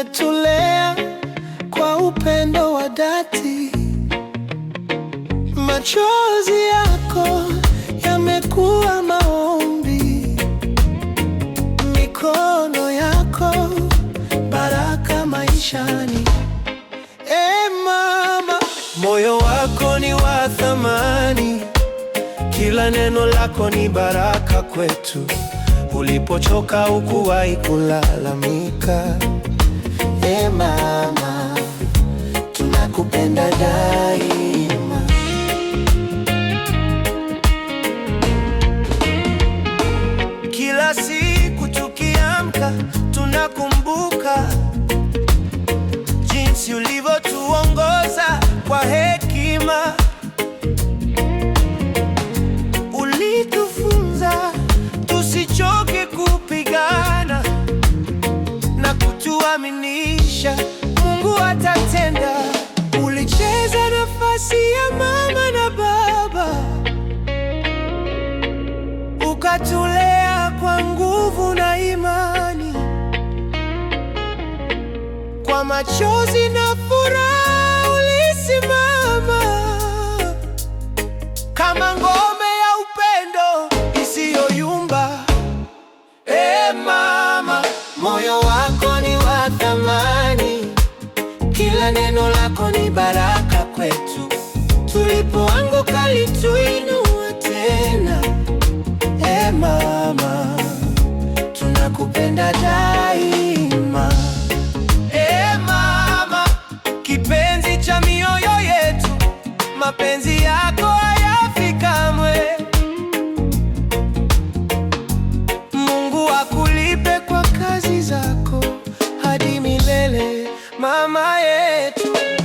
umetulea kwa upendo wa dhati. Machozi yako yamekuwa maombi, mikono yako baraka maishani. E mama, moyo wako ni wa thamani, kila neno lako ni baraka kwetu. Ulipochoka hukuwahi kulalamika. tunakumbuka jinsi ulivyotuongoza kwa hekima, ulitufunza tusichoke kupigana na kutuaminisha Mungu atatenda. Ulicheza nafasi ya mama na baba ukatula machozi na furaha ulisimama kama ngome ya upendo isiyoyumba. E mama, moyo wako ni wa thamani, kila neno lako ni baraka kwetu. Tulipoanguka lituinua tena. Eh, mama, tunakupenda da mapenzi yako hayafi Mungu akulipe kwa kazi zako hadi milele, mama yetu.